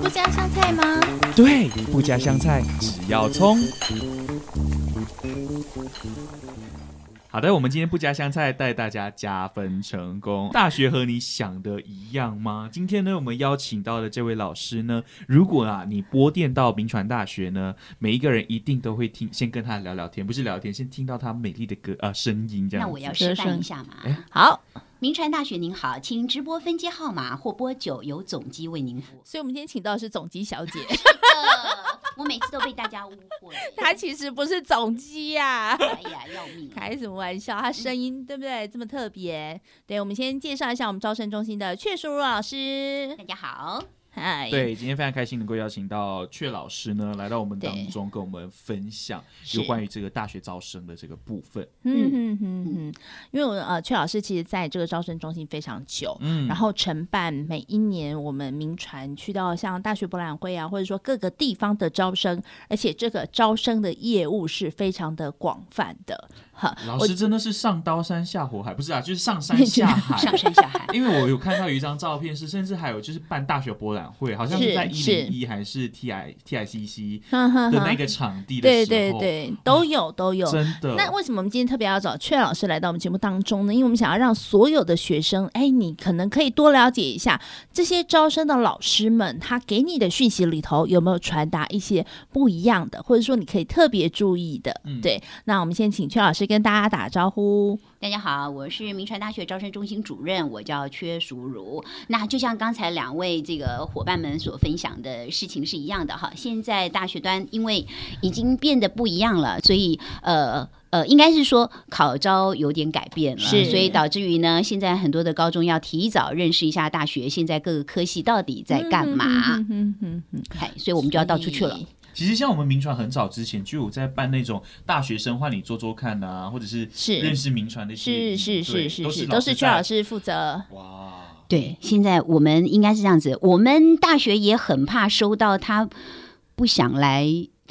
不加香菜嗎？對，不加香菜，只要蔥。好的，我們今天不加香菜，帶大家加分成功。大學和你想的一樣嗎？今天呢，我們邀請到的這位老師呢，如果啊，你撥電到銘傳大學呢，每一個人一定都會聽，先跟他聊聊天，不是聊，聊天，先聽到他美麗的歌啊、呃、聲音這樣。那我要示範一下嘛？欸、好。銘傳大學您好，請直播分機號碼或撥九，由總機為您服務。所以我們今天請到的是總機小姐。 我每次都被大家誤會，她 其實不是總機呀、啊！哎呀，要命、啊！開什麼玩笑？她聲音、嗯、對不對？這麼特別？對，我們先介紹一下我們招生中心的闕淑茹老師。大家好。嗨，對，今天非常開心能夠邀請到闕老師呢，來到我們當中跟我們分享有關於這個大學招生的這個部分。嗯嗯嗯嗯，因為我呃，闕老師其實在這個招生中心非常久，嗯，然後承辦每一年我們銘傳去到像大學博覽會啊，或者說各個地方的招生，而且這個招生的業務是非常的廣泛的。老師真的是上刀山下火海，不是啊，就是上山下海。上山下海。因為我有看到有一張照片是，是甚至還有就是辦大學博覽會，好像是在101還是 T I T I C C 的那個場地的時候， 對對對，都有都有。 真的。那為什麼我們今天特別要找闕老師來到我們節目當中呢？因為我們想要讓所有的學生，哎，你可能可以多了解一下這些招生的老師們，他給你的訊息裡頭有沒有傳達一些不一樣的，或者說你可以特別注意的，嗯。對。那我們先請闕老師。跟大家打招呼，大家好，我是銘傳大學招生中心主任，我叫闕淑茹。那就像剛才兩位這個夥伴們所分享的事情是一樣的哈。現在大學端因為已經變得不一樣了，所以呃呃，應該是說考招有點改變了，是，是所以導致於呢，現在很多的高中要提早認識一下大學，現在各個科系到底在幹嘛？嗯哼嗯哼嗯哼，嗨，所以我們就要到處去了。其實像我們銘傳很早之前就有在辦那種大學生換你做做看啊，或者是認識銘傳的一些，些是是是是、是、是，都是都是闕老師負責。哇，對，現在我們應該是這樣子，我們大學也很怕收到他不想來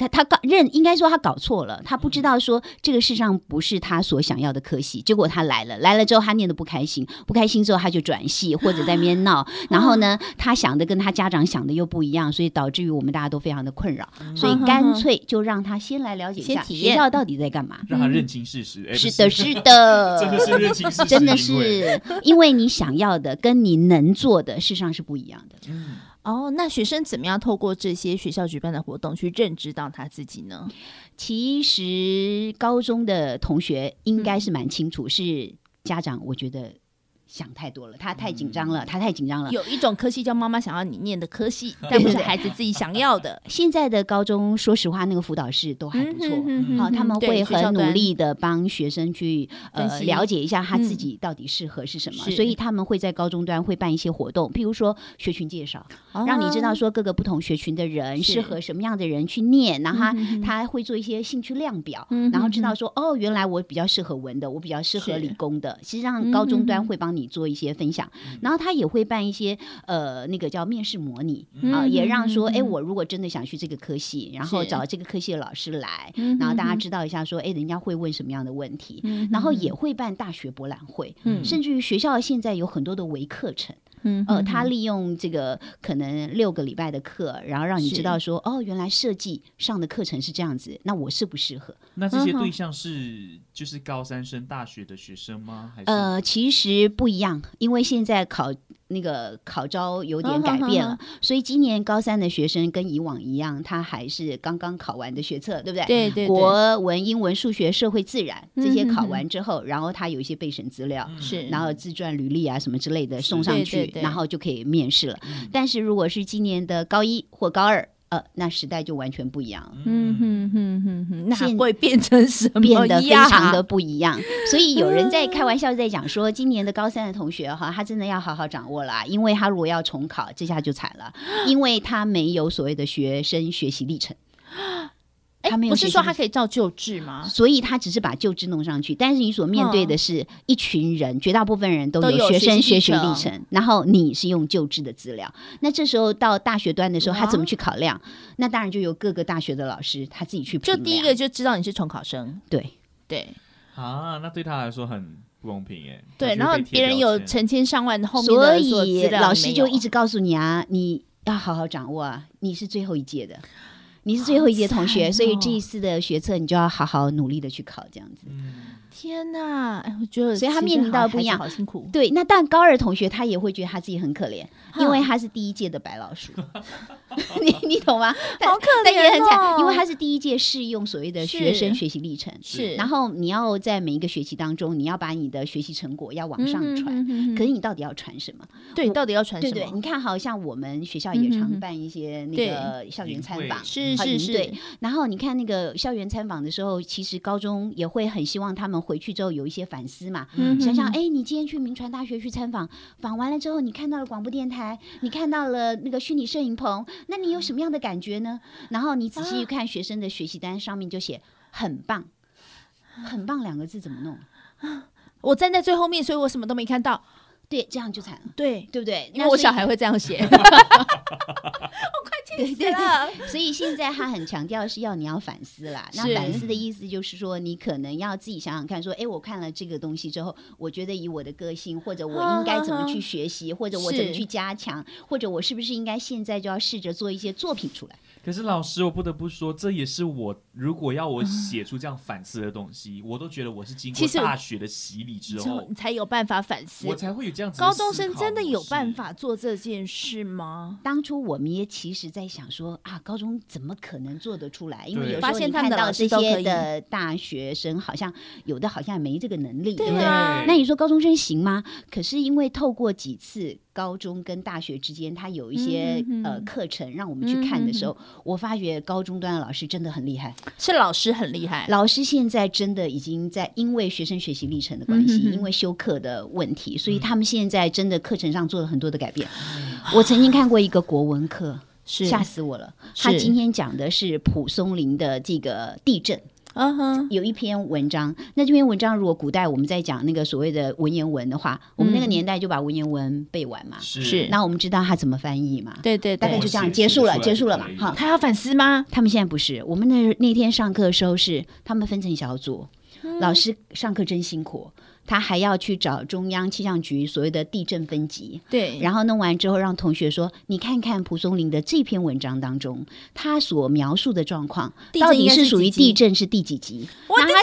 他他認應該說他搞錯了，他不知道說這個世上不是他所想要的科系，嗯、結果他來了，來了之後他念的不開心，不開心之後他就轉系或者在那邊鬧、哦，然後呢他想的跟他家長想的又不一樣，所以導致於我們大家都非常的困擾，嗯、所以乾脆就讓他先來了解一下，先體驗學校到底在幹嘛，讓他認清事實。嗯、是的，是的，是 的，是認清事實， 真的是因為你想要的跟你能做的事實上是不一樣的。嗯哦，那學生怎麼樣透過這些學校舉辦的活動去認知到他自己呢？其實高中的同學應該是蠻清楚，是家長我覺得。想太多了，他太緊張了、嗯，他太緊張了。有一種科系叫媽媽想要你念的科系， 但不是孩子自己想要的。 現在的高中，說實話，那個輔導室都還不錯，好、嗯，他們會很努力的幫學生去、嗯、哼哼呃了解一下他自己到底適合是什麼、嗯，所以他們會在高中端會辦一些活動，譬如說學群介紹、哦，讓你知道說各個不同學群的人適合什麼樣的人去念，然後他、嗯、哼哼他會做一些興趣量表，嗯、哼哼然後知道說、嗯、哼哼哦，原來我比較適合文的，我比較適合理工的。其實際上高中端會幫你，你做一些分享，然後他也會辦一些呃，那個叫面試模擬啊、嗯嗯嗯嗯呃，也讓說，哎，我如果真的想去這個科系，然後找這個科系的老師來，然後大家知道一下，說，哎，人家會問什麼樣的問題，嗯嗯嗯然後也會辦大學博覽會嗯嗯，甚至於學校現在有很多的微課程。嗯，呃、 哦，他利用這個可能六個禮拜的課，然後讓你知道說，哦，原來設計上的課程是這樣子，那我適不適合？那這些對象是、嗯、就是高三升大學的學生嗎？還是？呃，其實不一樣，因為現在考。那個考招有點改變了，嗯哼哼哼，所以今年高三的學生跟以往一樣，他還是剛剛考完的學測，對不對？對對對。國文、英文、數學、社會、自然這些考完之後，嗯、哼哼，然後他有一些備審資料，是，然後自傳、履歷啊什麼之類的送上去，嗯、然後就可以面試了。對對對，嗯。但是如果是今年的高一或高二，呃，那時代就完全不一樣了。嗯哼哼哼哼，那會變成什麼樣？變得非常的不一樣。所以有人在開玩笑，在講說， 今年的高三的同學哈，他真的要好好掌握了，因為他如果要重考，這下就慘了，因為他沒有所謂的學生學習歷程。哎，不是說他可以照舊制嗎？所以，他只是把舊制弄上去，但是你所面對的是一群人，嗯、絕大部分人都有學生學習歷程。程然後，你是用舊制的資料，那這時候到大學端的時候，啊、他怎麼去考量？那當然就由各個大學的老師他自己去評量，就第一個就知道你是重考生，對對。啊，那對他來說很不公平耶。對，然後別人有成千上萬後面的所有資料，所以老師就一直告訴你啊，你要好好掌握啊，你是最後一屆的。你是最後一屆同學，哦、所以這一次的學測你就要好好努力的去考，這樣子。嗯天吶，哎，我覺得所以他面臨到的不一樣，好辛苦。對，那但高二同學他也會覺得他自己很可憐，因為他是第一屆的白老鼠。 你你懂嗎？好可憐，哦但，但也很慘，因為他是第一屆適用所謂的學生學習歷程是。是，然後你要在每一個學期當中，你要把你的學習成果要往上傳。嗯嗯嗯、可是你到底要傳什麼？對，到底要傳什麼？對對你看，好像我們學校也常辦一些那個校園參訪，嗯對嗯、是是是。然後你看那個校園參訪的時候，其實高中也會很希望他們。回去之後有一些反思嘛，嗯、想想，哎、欸，你今天去銘傳大學去參訪，訪完了之後，你看到了廣播電台，你看到了那個虛擬攝影棚，那你有什麼樣的感覺呢？然後你仔細一看學生的學習單上面就寫、啊，“很棒”，“很棒”兩個字怎麼弄、啊？我站在最後面，所以我什麼都沒看到。對，這樣就慘了，對，對不對那？因為我小孩會這樣寫。 對對對，所以現在他很強調是要你要反思啦。 那反思的意思就是說，你可能要自己想想看，說，哎，我看了這個東西之後，我覺得以我的個性，或者我應該怎麼去學習， 或者我怎麼去加強，或者我是不是應該現在就要試着做一些作品出來。可是老師，我不得不說，這也是我如果要我寫出這樣反思的東西，嗯，我都覺得我是經過大學的洗禮之後，之後才有辦法反思，我才會有這樣子。高中生真的有辦法做這件事嗎？當初我們也其實在想說啊，高中怎麼可能做得出來？因為有時候你看到這些的大學生，好像有的好像沒這個能力，對啊。那你說高中生行嗎？可是因為透過幾次。高中跟大學之間，他有一些、嗯、呃課程讓我們去看的時候、嗯，我發覺高中端的老師真的很厲害，是，老師很厲害。老師現在真的已經在，因為學生學習歷程的關係，嗯、哼哼，因為修課的問題，所以他們現在真的課程上做了很多的改變。嗯、我曾經看過一個國文課 是，嚇死我了！他今天講的是蒲松齡的這個地震。嗯哼，有一篇文章，那這篇文章如果古代我們在講那個所謂的文言文的話，嗯、我們那個年代就把文言文背完嘛，是，那我們知道它怎麼翻譯嘛，對對對，大概就這樣結束了，哦，結束了嘛，好，他要反思嗎？他們現在不是，我們那那天上課的時候是，他們分成小組，嗯、老師上課真辛苦。他還要去找中央氣象局所謂的地震分級，對，然後弄完之後讓同學說：“你看看蒲松齡的這篇文章當中，他所描述的狀況到底是屬於地震是第幾級？”我的天哪！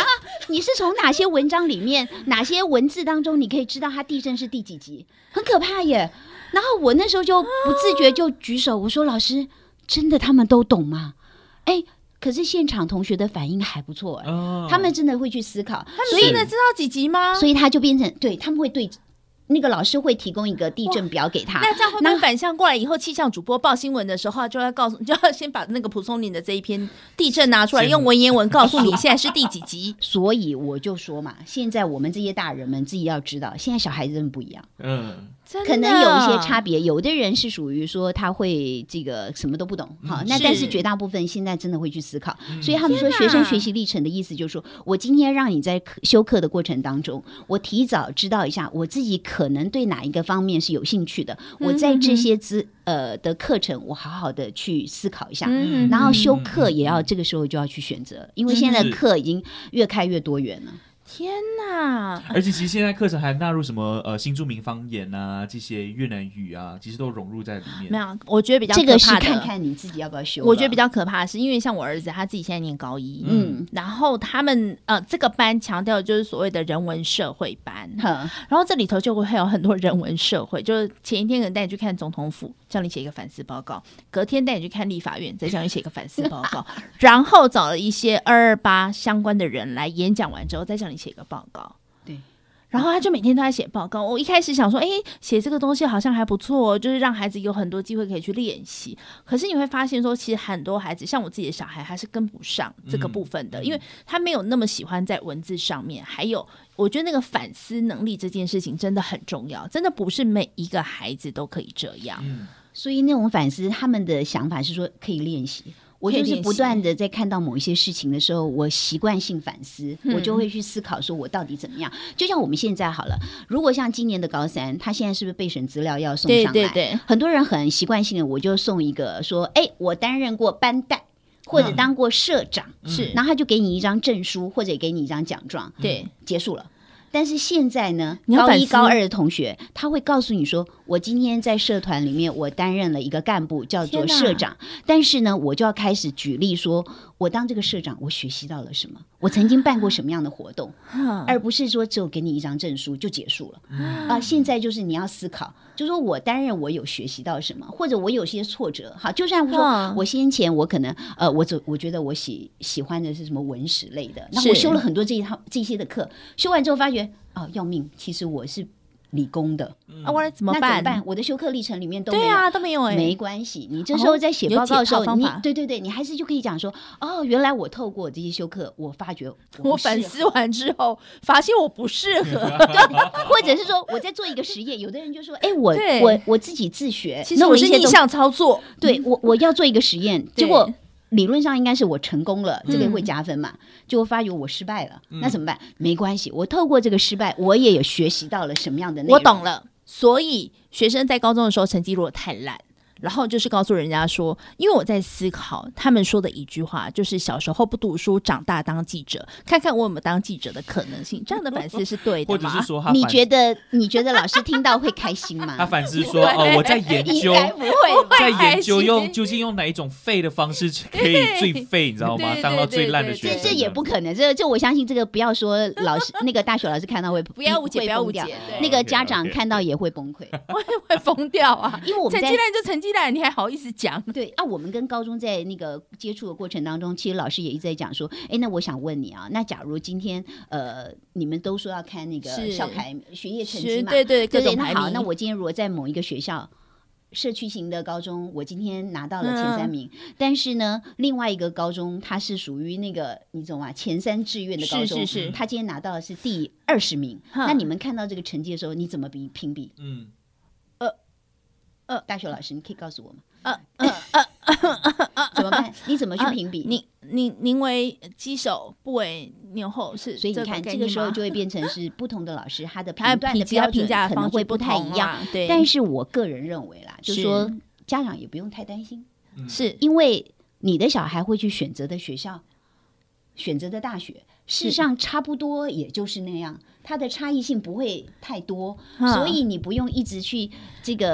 然後，然後你是從哪些文章裡面、 哪些文字當中，你可以知道他地震是第幾級？很可怕耶！然後我那時候就不自覺就舉手，我說：“老師，真的他們都懂嗎？”哎。可是現場同學的反應還不錯、欸哦，他們真的會去思考。所以呢，知道幾級嗎？所以他就變成對他們會對那個老師會提供一個地震表給他。那這樣會不會反向過來？以後氣象主播報新聞的時候，就要告訴，就要先把那個蒲松齡的這一篇地震拿出來，用文言文告訴你現在是第幾級。嗯、 所以我就說嘛，現在我們這些大人們自己要知道，現在小孩子真的不一樣。嗯。可能有一些差別，有的人是屬於說他會這個什麼都不懂，嗯、好，那但是絕大部分現在真的會去思考，所以他們說學生學習歷程的意思就是說，嗯、我今天讓你在修課的過程當中，我提早知道一下我自己可能對哪一個方面是有興趣的，嗯、我在這些資呃的課程，我好好的去思考一下，嗯、然後修課也要、嗯、這個時候就要去選擇，因為現在課已經越開越多元了。嗯天哪！而且其實現在課程還納入什麼呃新住民方言啊，這些越南語啊，其實都融入在裡面。沒有，我覺得比較可怕的這個是看看你自己要不要修。我覺得比較可怕的是，因為像我兒子他自己現在念高一，嗯，然後他們呃這個班強調就是所謂的人文社會班、嗯，然後這裡頭就會有很多人文社會，就是前一天可能帶你去看總統府，叫你寫一個反思報告；隔天帶你去看立法院，再叫你寫一個反思報告。 然後找了一些二二八相關的人來演講完之後，再叫你。寫個報告，對，然後他就每天都在寫報告。我一開始想說，哎、欸，寫這個東西好像還不錯，就是讓孩子有很多機會可以去練習。可是你會發現說，說其實很多孩子，像我自己的小孩，他是跟不上這個部分的、嗯，因為他沒有那麼喜歡在文字上面、嗯。還有，我覺得那個反思能力這件事情真的很重要，真的不是每一個孩子都可以這樣。嗯、所以那種反思，他們的想法是說可以練習。我就是不斷的在看到某一些事情的時候嘿嘿嘿，我習慣性反思，我就會去思考說我到底怎麼樣、嗯。就像我們現在好了，如果像今年的高三，他現在是不是備審資料要送上來？對對對，很多人很習慣性的，我就送一個說，哎，我擔任過班代或者當過社長，是、嗯，然後他就給你一張證書或者給你一張獎狀，對、嗯，結束了。但是現在呢，高一高二的同學，他會告訴你說：“我今天在社團裡面，我擔任了一個幹部，叫做社長。”但是呢，我就要開始舉例說。我當這個社長，我學習到了什麼？我曾經辦過什麼樣的活動，嗯、而不是說只有給你一張證書就結束了。嗯、啊，現在就是你要思考，就是說我擔任我有學習到什麼，或者我有些挫折。好，就算我說我先前我可能、嗯、呃，我我我覺得我喜喜歡的是什麼文史類的，那我修了很多這一套這些的課，修完之後發覺啊、哦，要命，其實我是。理工的、啊、我我怎，怎麼辦？我的修課歷程裡面都沒有對啊，都沒有、欸、沒關係。你這時候在寫報告的時候，哦、你對對對，你還是就可以講說哦，原來我透過這些修課，我發覺我反思完之後，發現我不適合， 對或者是說我在做一個實驗。有的人就說，哎，我我我，我自己自學，其實那我，我是逆向操作，對我我要做一個實驗，嗯、結果。理論上應該是我成功了，這個會加分嘛，嗯、就會發覺我失敗了、嗯，那怎麼辦？沒關係，我透過這個失敗，我也有學習到了什麼樣的內容。我懂了，所以學生在高中的時候成績如果太爛。然後就是告訴人家說，因為我在思考他們說的一句話，就是小時候不讀書，長大當記者，看看我有沒有當記者的可能性。這樣的反思是對的，或者是說你覺得 你覺得老師聽到會開心嗎？他反思說 哦，我在研究 不會吧，在研究用究竟用哪一種廢的方式可以最廢，你知道嗎？ 對對對對對，當到最爛的學生的，這這也不可能。這這我相信，這個不要說老師 那個大學老師看到會不要誤解，不要誤解，那個家長看到也會崩潰，我也會瘋掉啊。因為我們現在，就曾經。你還好意思講？對啊，我們跟高中在那個接觸的過程當中，其實老師也一直在講說，哎、欸，那我想問你啊，那假如今天呃，你們都說要看那個校排、學業成績嘛，對，對對，對。那好，那我今天如果在某一個學校，社區型的高中，我今天拿到了前三名，嗯、但是呢，另外一個高中它是屬於那個你懂嗎？前三志願的高中，他、嗯、今天拿到的是第二十名、嗯。那你們看到這個成績的時候，你怎麼比評比？嗯。呃、uh，大學老師，你可以告訴我嗎？呃呃呃，呃呃怎麼辦？你怎麼去評比、uh, 你？你你您為雞首，不為牛後是。所以你看這，你這個時候就會變成是不同的老師，他的評評比較評價的方式可能會不太一樣、啊。對，但是我個人認為啦，就是說家長也不用太擔心，是因為你的小孩會去選擇的學校，選擇的大學。事實上差不多也就是那樣，它的差異性不會太多，嗯、所以你不用一直去這個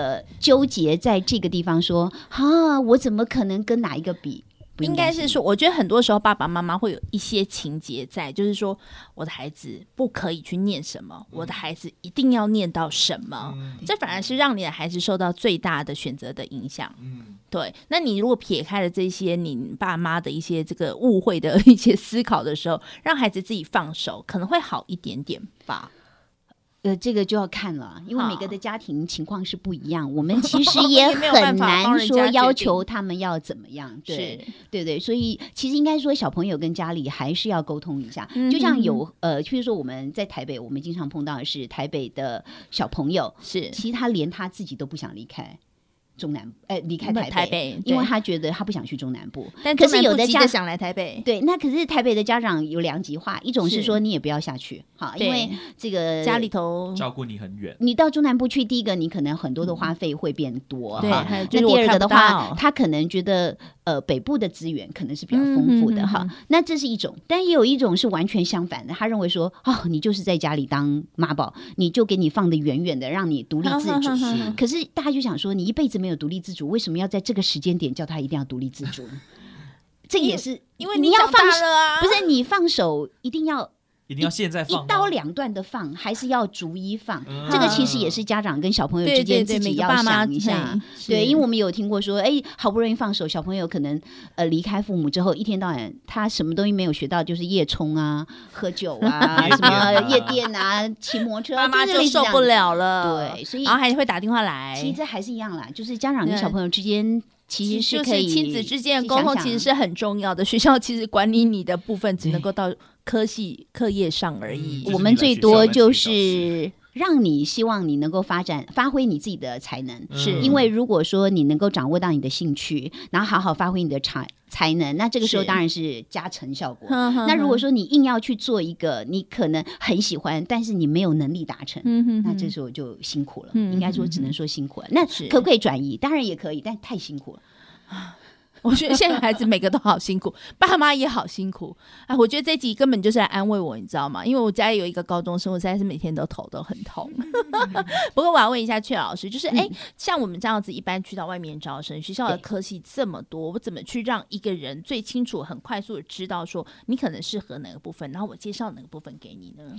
糾結在這個地方說啊，我怎麼可能跟哪一個比？應該是說，我覺得很多時候爸爸媽媽會有一些情結在，就是說我的孩子不可以去念什麼，嗯、我的孩子一定要念到什麼、嗯，這反而是讓你的孩子受到最大的選擇的影響、嗯。對。那你如果撇開了這些，你爸媽的一些這個誤會的一些思考的時候，讓孩子自己放手，可能會好一點點吧。呃，這個就要看了，因為每個的家庭情況是不一樣，我們其實也很難說要求他們要怎麼樣，對對對，所以其實應該說小朋友跟家裡還是要溝通一下，就像有嗯嗯嗯呃，譬如說我們在台北，我們經常碰到的是台北的小朋友，是，其實他連他自己都不想離開。中南哎，離、呃、開台北，台北，因為他覺得他不想去中南部。但部，可是有的家長想來台北，對，那可是台北的家長有兩極化，一種是說你也不要下去，好，因為這個家裡頭照顧你很遠。你到中南部去，第一個你可能很多的花費會變多，嗯、對好。那第二個的話，嗯、他可能覺得。呃，北部的資源可能是比較豐富的哈，嗯，那這是一種，但也有一種是完全相反的，他認為說，哦，你就是在家裡當媽寶，你就給你放得遠遠的，讓你獨立自主。哈哈哈哈，可是大家就想說，你一輩子沒有獨立自主，為什麼要在這個時間點叫他一定要獨立自主？ 這也是因為，因為你，啊，你要放手，不是你放手一定要。一定要現在放一,一刀兩斷的放，還是要逐一放，嗯？這個其實也是家長跟小朋友之間自己對對對，要想一下對。對，因為我們有聽過說，哎、欸，好不容易放手，小朋友可能呃離開父母之後，一天到晚他什麼東西沒有學到，就是夜衝啊、喝酒啊、什麼 夜店啊、騎 摩托車、啊，媽、就、媽、是、就受不了了。對，所以然後還會打電話來。其實這還是一樣啦，就是家長跟小朋友之間其實是可以親、就是、子之間的溝通，其實是很重要的。學校其實管理你的部分只能夠到。科系課業上而已，嗯，就是，我們最多就是讓你希望你能夠發展，發揮你自己的才能。是因為如果說你能夠掌握到你的興趣，然後好好發揮你的才才能，那這個時候當然是加成效果呵呵呵。那如果說你硬要去做一個你可能很喜歡，但是你沒有能力達成，嗯哼哼，那這時候就辛苦了。嗯、哼哼應該說只能說辛苦了。了、嗯。那可不可以轉移？當然也可以，但太辛苦了。 我覺得現在孩子每個都好辛苦， 爸媽也好辛苦。哎、啊，我覺得這集根本就是來安慰我，你知道嗎？因為我家裡有一個高中生，我實在是每天都頭都很痛。 不過我要問一下闕老師，就是哎、嗯欸，像我們這樣子一般去到外面招生，學校的科系這麼多，欸、我怎麼去讓一個人最清楚、很快速的知道說你可能適合哪個部分，然後我介紹哪個部分給你呢？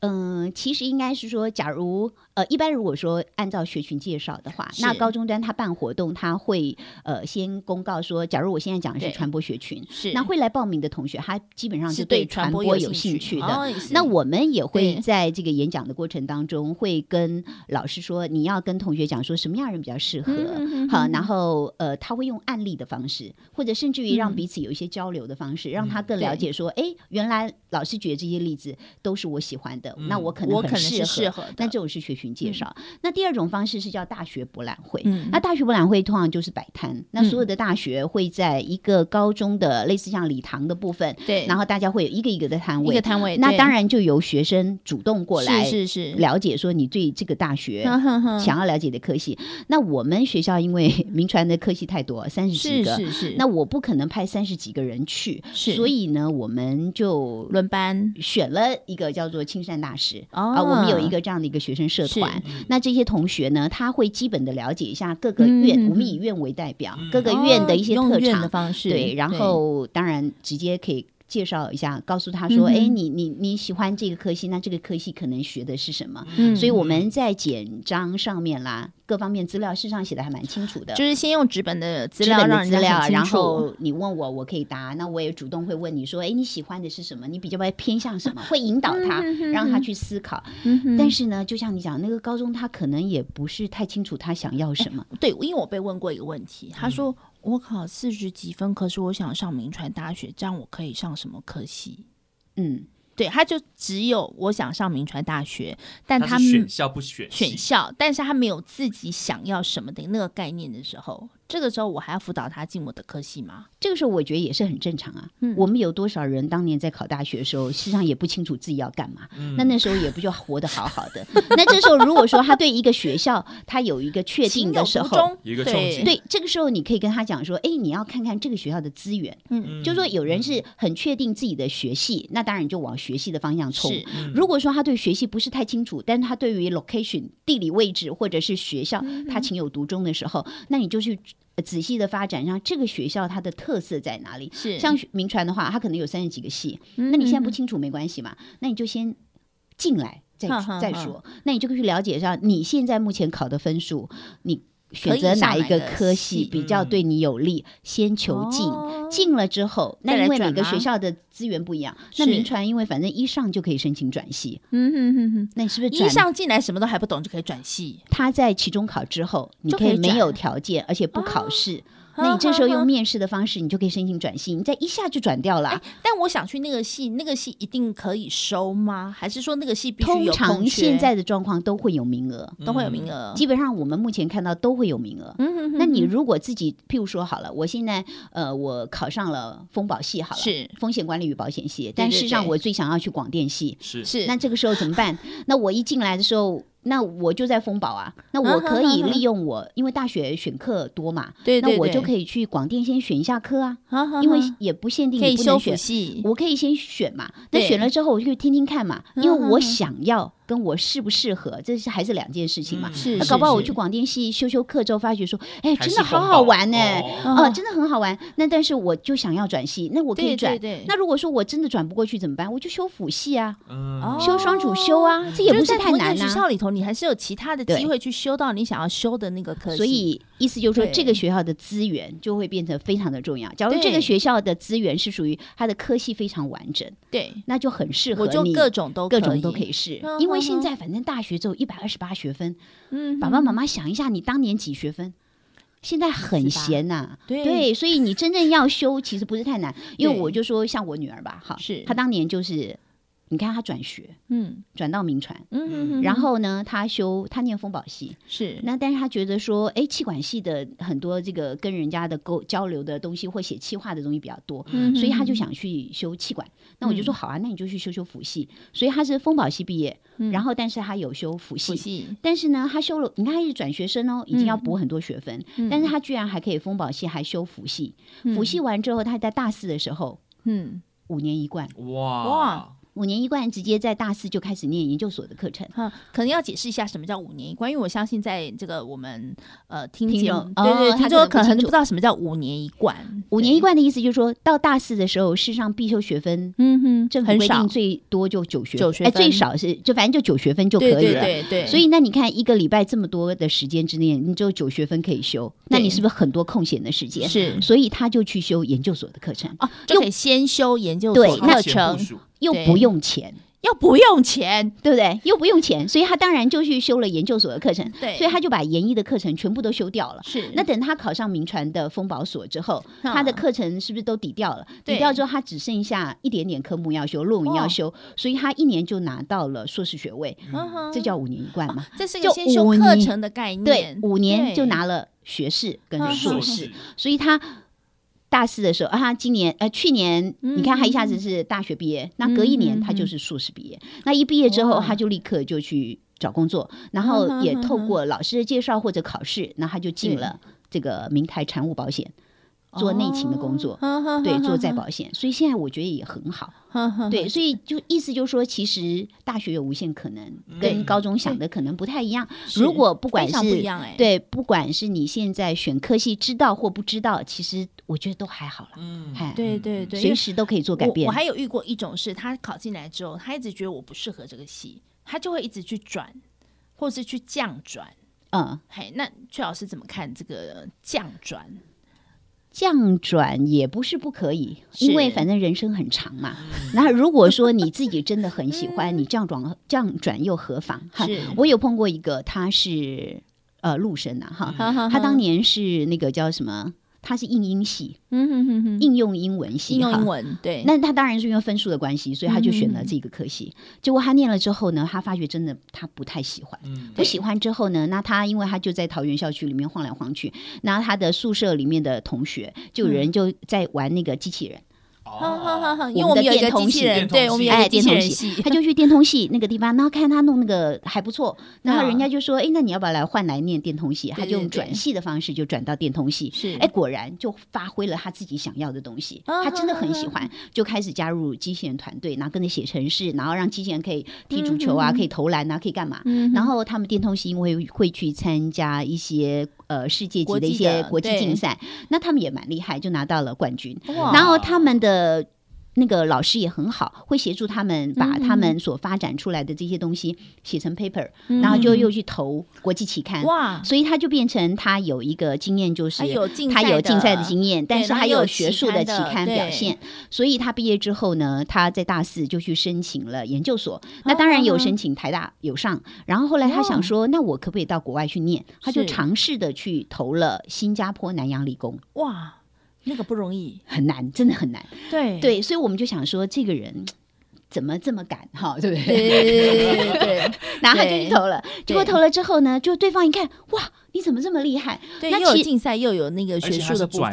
嗯，其實應該是說，假如呃，一般如果說按照學群介紹的話，那高中端他辦活動，他會呃先公告說，假如我現在講的是傳播學群，是，那會來報名的同學，他基本上是對傳播有興趣的。趣 oh, 那我們也會在這個演講的過程當中，會跟老師說，你要跟同學講說，什麼樣的人比較適合？Mm -hmm. 好，然後呃，他會用案例的方式，或者甚至於讓彼此有一些交流的方式，mm -hmm. 讓他更了解說，哎、mm -hmm.，原來老師舉的這些例子都是我喜歡的。嗯、那我可能很我可能是適合的，但這種是學群介紹、嗯。那第二種方式是叫大學博覽會。嗯、那大學博覽會通常就是擺攤、嗯，那所有的大學會在一個高中的類似像禮堂的部分，對、嗯，然後大家會有一個一個的攤位，一個攤位。那當然就由學生主動過來，是是了解，說你對這個大學想要了解的科系。嗯、那我們學校因為銘傳的科系太多，三十幾個，是是是。那我不可能派三十幾個人去，是，所以呢，我們就是、輪班選了一個叫做青山，大師啊，我們有一個這樣的一個學生社團、哦嗯。那這些同學呢，他會基本的了解一下各個院。嗯、我們以院為代表、嗯嗯，各個院的一些特長的方式，對，然後當然直接可以。介紹一下，告訴他說：“嗯、誒，你你你喜歡這個科系，那這個科系可能學的是什麼？嗯、所以我們在簡章上面啦，各方面資料事實上寫的還蠻清楚的。就是先用紙本的資料讓人，的資料，然後你問我，我可以答。那我也主動會問你說：，誒，你喜歡的是什麼？你比較會偏向什麼、嗯？會引導他，嗯、讓他去思考、嗯。但是呢，就像你講，那個高中他可能也不是太清楚他想要什麼。對，因為我被問過一個問題，嗯、他說。”我考四十幾分，可是我想上銘傳大學，這樣我可以上什麼科系？嗯，對，他就只有我想上銘傳大學，但他，他選校，他他選校不選系，選校，但是他沒有自己想要什麼的那個概念的時候。這個時候我還要輔導他進我的科系嗎？這個時候我覺得也是很正常啊。嗯、我們有多少人當年在考大學的時候，實際上也不清楚自己要幹嘛，嗯。那那時候也不就活得好好的。 那這時候如果說他對一個學校他有一個確定的時候，一個對、對，這個時候你可以跟他講說：“誒，你要看看這個學校的資源。”嗯嗯，就是說有人是很確定自己的學系，那當然就往學系的方向衝。如果說他對學系不是太清楚，但他對於 location 地理位置或者是學校他情有獨鍾的時候，嗯，那你就去，是。仔細的發展，讓這個學校它的特色在哪裡？是像銘傳的話，它可能有三十幾個系。嗯嗯嗯，那你現在不清楚沒關係嘛，那你就先進來再好好再說。那你就可以去了解一下，你現在目前考的分數，你。選擇哪一個科系，個系比較對你有利？嗯、先求進、哦，進了之後，那因為每個學校的資源不一樣是，那銘傳因為反正一上就可以申請轉系，嗯哼哼哼，那你是不是一上進來什麼都還不懂就可以轉系？他在期中考之後，你可以沒有條件，而且不考試。哦 那你這時候用面試的方式，你就可以申請轉系，你再一下就轉掉了。哎。但我想去那個系，那個系一定可以收嗎？還是說那個系通常現在的狀況都會有名額，都會有名額。嗯。基本上我們目前看到都會有名額。嗯嗯。那你如果自己，譬如說好了，我現在呃，我考上了風保系好了，是風險管理與保險系。但事實上，我最想要去廣電系。是是。那這個時候怎麼辦？ 那我一進來的時候。那我就在豐寶啊，那我可以利用我，嗯、哼哼因為大學選課多嘛。對對對，那我就可以去廣電先選一下課啊，嗯、哼哼因為也不限定你不能選，可以修輔系，我可以先選嘛。那選了之後，我就聽聽看嘛，嗯、哼哼因為我想要。跟我適不適合，這是還是兩件事情嘛？是、嗯，那搞不好我去廣電系修修課之後，發覺說，哎，真的好好玩呢，啊、哦哦，真的很好玩。那但是我就想要轉系，那我可以轉。對對對，那如果說我真的轉不過去怎麼辦？我就修輔系啊，嗯、修雙主修啊、哦，這也不是太難、啊。學校裡頭，你還是有其他的機會去修到你想要修的那個課。所以。意思就是說，這個學校的資源就會變成非常的重要。假如這個學校的資源是屬於它的科系非常完整，對，那就很適合你。我就各種都各種都可以試呵呵，因為現在反正大學只有一百二十八學分。嗯，爸爸媽媽想一下，你當年幾學分？嗯，現在很閒吶，啊，對，所以你真正要修其實不是太難， 因為我就說像我女兒吧，哈，是她當年就是。你看他轉學，嗯，轉到銘傳，嗯哼哼哼，然後呢，他修他念風保系，是那，但是他覺得說，哎、欸，企管系的很多這個跟人家的溝交流的東西或寫企劃的東西比較多，嗯哼哼哼，所以他就想去修企管，嗯哼哼。那我就說好啊，那你就去修修輔系，嗯。所以他是風保系畢業，嗯，然後但是他有修輔系，系，但是呢，他修了，你看他是轉學生哦，嗯，已經要補很多學分，嗯，但是他居然還可以風保系還修輔系，輔、嗯、系完之後，他在大四的時候，嗯，五年一貫，哇哇。五年一貫直接在大四就開始念研究所的課程，可能要解釋一下什麼叫五年一貫。因為我相信，在這個我們呃聽聽眾，哦、對,對對，他說可能不知道什麼叫五年一貫。五年一貫的意思就是說到大四的時候，事實上必修學分，嗯哼，政府規定最多就九學,、欸、九學分。哎，最少是就反正就九學分就可以了。對對對,對。所以那你看一個禮拜這麼多的時間之內，你就九學分可以修，那你是不是很多空閒的時間？是。所以他就去修研究所的課程啊，就可以先修研究所課程。又不用錢，又不用錢，對不對？又不用錢，所以他當然就去修了研究所的課程。對，所以他就把研一的課程全部都修掉了。是。那等他考上銘傳的風保所之後，他的課程是不是都抵掉了？抵掉之後，他只剩下一點點科目要修，論文要修，哦，所以他一年就拿到了碩士學位。嗯、這叫五年一貫嘛，啊？這是一個先修課程的概念。對，五年就拿了學士跟碩士，所以他。大四的時候啊，今年呃，去年你看他一下子是大學畢業，嗯、那隔一年他就是碩士畢業，嗯，那一畢業之後他就立刻就去找工作，然後也透過老師的介紹或者考試，那、嗯嗯、他就進了這個明台產物保險。嗯嗯做內勤的工作，哦，呵呵呵，對，做再保險，所以現在我覺得也很好。呵呵呵，對，所以就意思就是說，其實大學有無限可能，嗯，跟高中想的可能不太一樣。嗯，如果不管是，是不一樣，欸，對，不管是你現在選科系知道或不知道，其實我覺得都還好了。嗯，對對對，隨時都可以做改變。我，我還有遇過一種是，他考進來之後，他一直覺得我不適合這個系，他就會一直去轉，或是去降轉。嗯，嘿，那闕老師怎麼看這個降轉？降轉也不是不可以，因為反正人生很長嘛。那、嗯、如果說你自己真的很喜歡， 你降轉，降轉又何妨哈？我有碰過一個，他是呃陸生啊，哈、嗯，他當年是那個叫什麼？他是應英系，嗯哼哼哼，應用英文系，應用英文對。那他當然是因為分數的關係，所以他就選了這個科系。嗯、結果他念了之後呢，他發覺真的他不太喜歡、嗯，不喜歡之後呢，那他因為他就在桃園校區裡面晃來晃去，那他的宿舍裡面的同學就有人就在玩那個機器人。嗯好好好，好的，因為我們有電通系，對，我們有個、欸、電通系， 他就去電通系那個地方，然後看他弄那個還不錯，然後人家就說，哎、欸，那你要不要來換來念電通系？對對對，他就用轉系的方式就轉到電通系，是，哎、欸，果然就發揮了他自己想要的東西，他真的很喜歡，就開始加入機器人團隊，然後跟着寫程式，然後讓機器人可以踢足球啊，嗯、可以投籃啊，可以幹嘛、嗯？然後他們電通系因為會去參加一些。呃，世界級的一些國際競賽，那他們也蠻厲害，就拿到了冠軍。然後他們的。那個老師也很好，會協助他們把他們所發展出來的這些東西寫成 paper，嗯、然後就又去投國際期刊，嗯。哇！所以他就變成他有一個經驗，就是他有競賽的經驗的，但是他有學術的期刊表現刊。所以他畢業之後呢，他在大四就去申請了研究所。哦，那當然有申請台大有上，然後後來他想說，哦，那我可不可以到國外去念？他就嘗試的去投了新加坡南洋理工。哇！那個不容易，很難，真的很難。對對，所以我們就想說，這個人怎麼這麼敢？哈，對不對？對對、對， 對，然後他就投了，結果投了之後呢，就對方一看，哇，你怎麼這麼厲害？對，那又有競賽，又有那個學術的部分，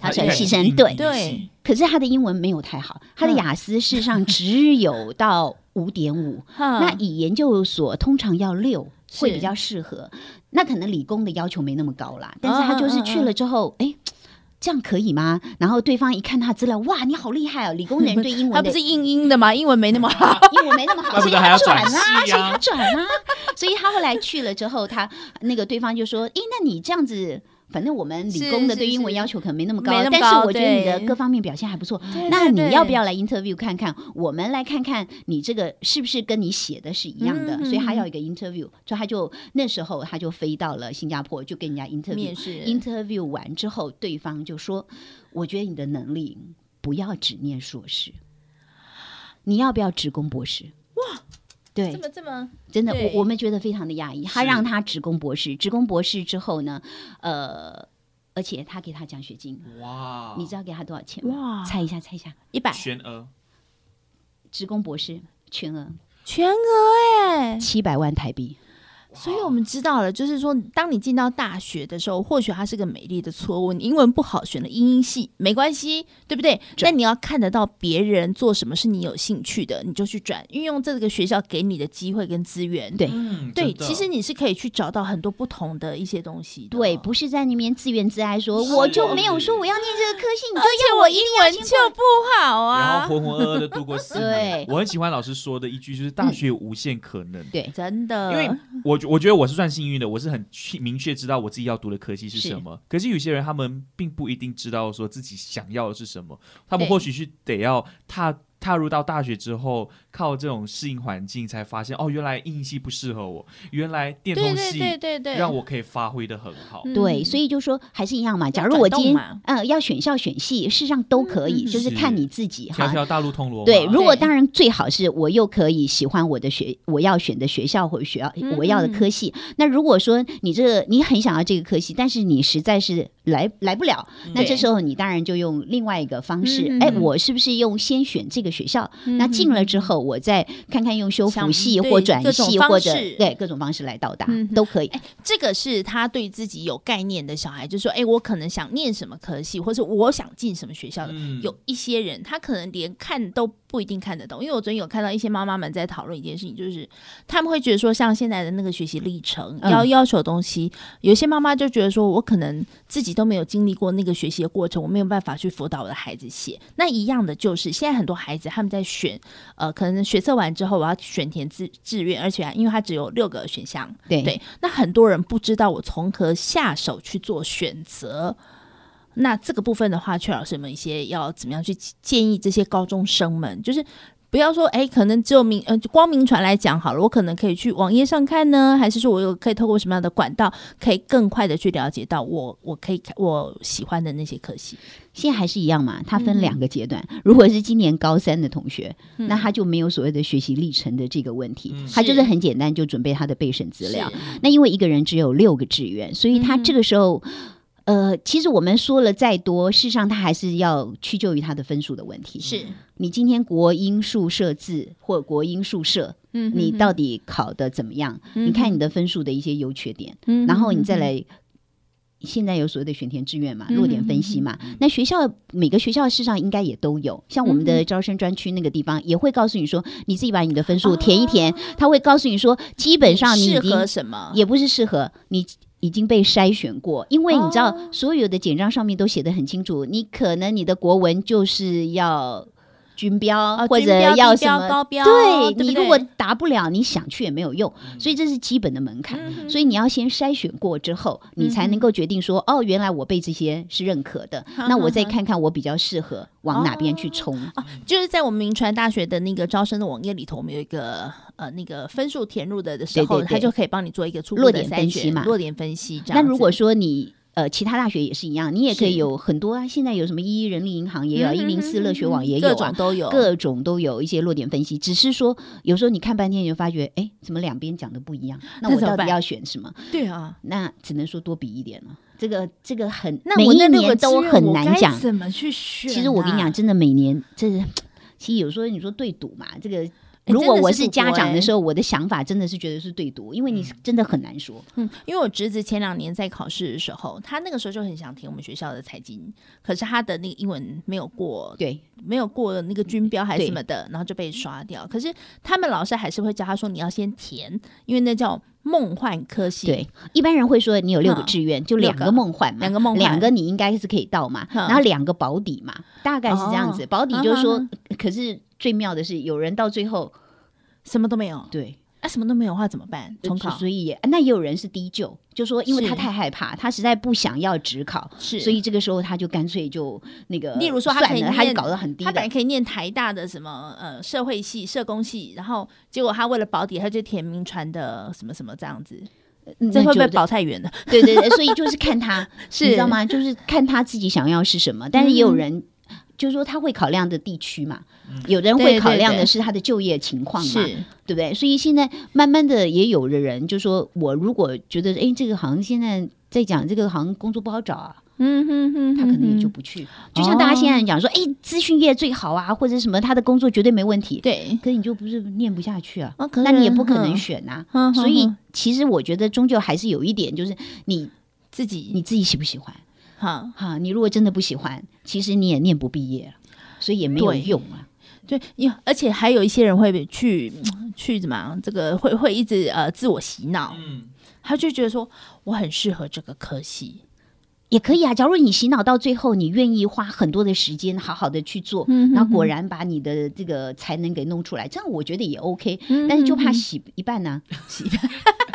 他選系生、哦，對對、對、對、對。可是他的英文沒有太好，他的雅思事實上只有到五點五，那以研究所，通常要六，會比較適合。那可能理工的要求沒那麼高啦，哦、但是他就是去了之後，哎、哦。這樣可以嗎？然後對方一看他資料，哇，你好厲害哦、啊！理工男對英文， 他不是英英的嗎？英文沒那麼好， 英文沒那麼好，而且啊還要轉，啊，所以他轉啊，所以他後來去了之後，他那個對方就說：“哎，那你這樣子。”反正我們理工的對英文要求可能沒那麼高，是是是，但是我覺得你的各方面表現還不錯。那，那你要不要來 interview 看看？我們來看看你這個是不是跟你寫的是一樣的？嗯、所以他要一個 interview，就、嗯、他，他就那時候他就飛到了新加坡，就跟人家 interview。interview 完之後，對方就說：“我覺得你的能力不要只念碩士，你要不要直攻博士？”對，這麼這麼真的，我我們覺得非常的訝異，他讓他直攻博士。直攻博士之後呢，呃，而且他給他獎學金，哇、wow，你知道給他多少錢嗎？哇、wow，猜一下，猜一下，一百全額，直攻博士全額，全額哎，七百萬台幣。Wow. 所以我們知道了，就是說，當你進到大學的時候，或許它是個美麗的錯誤。你英文不好，選了應英系沒關係，對不對？那你要看得到別人做什麼是你有興趣的，你就去轉，運用這個學校給你的機會跟資源。對，嗯、對，其實你是可以去找到很多不同的一些東西。對，不是在那邊自怨自艾，說我就沒有說我要念這個科系，你就要我英文就不好啊，然後渾渾噩噩的度過四年。我很喜歡老師說的一句，就是大學無限可能、嗯。對，真的，因為我。 我覺得我是算幸運的，我是很明確知道我自己要讀的科系是什麼是。可是有些人他們並不一定知道說自己想要的是什麼，他們或許是得要踏。踏入到大學之後，靠這種適應環境，才發現哦，原來音樂系不適合我，原來電通系對對讓我可以發揮得很好，對對對對對、嗯。對，所以就說還是一樣嘛，假如我今天嗯要、呃、要選校選系，事實上都可以、嗯，就是看你自己哈。條條大路通羅馬。對，如果當然最好是我又可以喜歡我的學，我要選的學校或者學校我要的科系嗯嗯。那如果說你這個你很想要這個科系，但是你實在是來來不了、嗯，那這時候你當然就用另外一個方式。哎、嗯嗯，我是不是用先選這個？學、嗯、校，那進了之後，我再看看用修輔系、或轉系，或者對各種方式來到達都可以、嗯哎。這個是他對自己有概念的小孩，就是、說：“哎、欸，我可能想念什麼科系，或者我想進什麼學校。嗯”的有一些人，他可能連看都不一定看得懂。因為我昨天有看到一些媽媽們在討論一件事情，就是他們會覺得說，像現在的那個學習歷程、嗯、要要求東西，有些媽媽就覺得說，我可能自己都沒有經歷過那個學習的過程，我沒有辦法去輔導我的孩子寫。那一樣的就是現在很多孩子他們在選，呃，可能學測完之後，我要選填志志願，而且、啊、因為它只有六個選項對，對，那很多人不知道我從何下手去做選擇。那這個部分的話，闕老師有沒有一些要怎麼樣去建議這些高中生們，就是。不要說誒、欸，可能只有明呃，光銘傳來講好了，我可能可以去網頁上看呢，還是說我有可以透過什麼樣的管道，可以更快的去了解到我我可以我喜歡的那些科系。現在還是一樣嘛，它分兩個階段，嗯。如果是今年高三的同學，嗯，那他就沒有所謂的學習歷程的這個問題，嗯，他就是很簡單就準備他的備審資料。那因為一個人只有六個志願，所以他這個時候。嗯嗯呃，其實我們說了再多，事實上他還是要屈就於他的分數的問題。是你今天國英數社自或國英數社嗯哼哼，你到底考得怎麼樣、嗯？你看你的分數的一些優缺點、嗯哼哼，然後你再來。現在有所謂的選填志願嘛，落點分析嘛，嗯、哼哼哼，那學校每個學校事實上應該也都有。像我們的招生專區那個地方，嗯、也會告訴你說，你自己把你的分數填一填，他、啊、會告訴你說，基本上你已經什麼也不是適合你。已經被篩選過，因為你知道，哦、所有的簡章上面都寫的很清楚，你可能你的國文就是要。軍標或者要什麼？哦、標標高標，對，對，對，你如果達不了，你想去也沒有用。所以這是基本的門檻。嗯、所以你要先篩選過之後，你才能夠決定說，嗯、哦，原來我被這些是認可的、嗯，那我再看看我比較適合往哪邊去衝。哦哦、就是在我們銘傳大學的那個招生的網頁裡頭，我們有一個呃那個分數填入的的時候，它就可以幫你做一個落點分析嘛？落點分析這樣。那如果說你。呃，其他大學也是一樣，你也可以有很多啊。現在有什麼一一人力銀行也有，嗯哼嗯哼一零四樂學網也有、啊，各種都有，各種都有一些落點分析。只是說有時候你看半天，你就發覺，哎，怎麼兩邊講的不一樣？那我到底要選什麼？對啊，那只能說多比一點了。啊、這個這個很，每一年都很難講，怎麼去選、啊？其實我跟你講，真的每年這，其實有時候你說對賭嘛，這個。欸、如果我是家長的時候、欸的欸，我的想法真的是覺得是對讀，因為你真的很難說。嗯，因為我侄子前兩年在考試的時候，他那個時候就很想填我們學校的財經，可是他的那個英文沒有過。對，沒有過那個均標還是什麼的，然後就被刷掉。可是他們老師還是會叫他說，你要先填，因為那叫夢幻科系。對，一般人會說你有六個志願、嗯，就兩個夢幻嘛，兩個夢兩個你應該是可以到嘛，嗯、然後兩個保底嘛，大概是這樣子。哦、保底就是說，嗯嗯嗯、可是。最妙的是，有人到最後什麼都沒有。對啊，什麼都沒有的話怎麼辦？重考。所以也、啊，那也有人是低就，就說因為他太害怕，他實在不想要指考，是，所以這個時候他就乾脆就那個，例如說他可能他就搞得很低，他本來可以念台大的什麼呃社會系、社工系，然後結果他為了保底，他就填銘傳的什麼什麼這樣子，這會不會保太遠了？對對對,對， 所以就是看他，是你知道嗎？就是看他自己想要是什麼， 但是也有人。嗯就是說他會考量的地區嘛，嗯、有的人會考量的是他的就業情況嘛對對對，對不對？所以現在慢慢的也有的人就說，我如果覺得哎這個行現在在講這個行工作不好找啊，嗯哼哼，哼哼，他可能也就不去。就像大家現在講說，哎、哦，資訊業最好啊，或者什麼，他的工作絕對沒問題。對，可你就不是念不下去啊，哦、那你也不可能選吶、啊。所以其實我覺得終究還是有一點，就是你，呵呵你自己你自己喜不喜歡。哈哈，你如果真的不喜歡，其實你也念不畢業，所以也沒有用啊。對，你而且還有一些人會去去怎麼，這個會會一直呃自我洗腦，嗯，他就覺得說，我很適合這個科系，也可以啊。假如你洗腦到最後，你願意花很多的時間好好的去做，嗯哼哼，然後果然把你的這個才能給弄出來，這樣我覺得也 OK。但是就怕洗一半呢、啊，洗一半。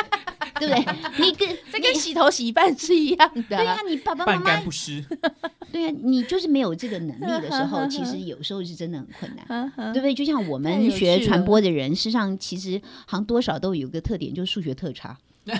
對不對？你跟 這跟洗頭洗一半是一樣的。對呀、啊，你爸爸媽媽半乾不濕。 對呀、啊，你就是沒有這個能力的時候， 其實有時候是真的很困難， 對不對？就像我們學傳播的人，實 際、嗯、上其實好像多少都有個特點，就是數學特差。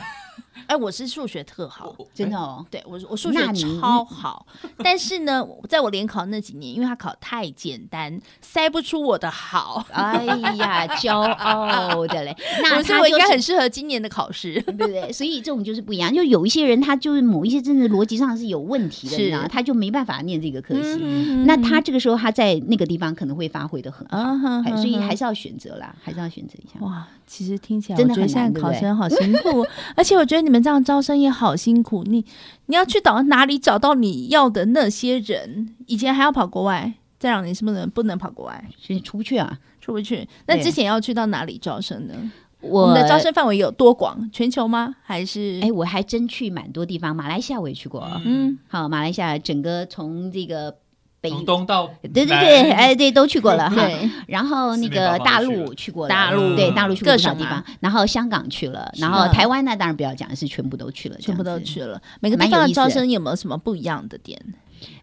哎，我是數學特好，真的哦。對我，我數學超好，那但是呢，在我聯考那幾年，因為他考太簡單，塞不出我的好。哎呀，驕傲的嘞。 那我以，我應該很適合今年的考試， 對不對？所以這種就是不一樣，就有一些人，他就是某一些真的邏輯上是有問題的，是啊，他就沒辦法念這個科系。嗯嗯。那他這個時候他在那個地方可能會發揮的很好。嗯哼嗯哼，所以還是要選擇啦，還是要選擇一下。哇，其實聽起來真的很難，對不對？考生好辛苦， 而且我覺得。你們這樣招生，也好辛苦，你你要去到哪裡找到你要的那些人？以前還要跑國外，這兩年是不是不能跑國外？現在出不去啊，出不去。那之前要去到哪裡招生呢？我，我們的招生範圍有多廣？全球嗎？還是？哎、欸，我還真去蠻多地方，馬來西亞我也去過。嗯，好，馬來西亞整個從這個。北從東到對對對哎，對都去過了、嗯、哈對，然後那個大陸去過大陸、嗯、對大陸去過不少地方各，然後香港去了，然後台灣那當然不要講是全部都去了，全部都去了。嗯、每個地方的招生有，有沒有什麼不一樣的點？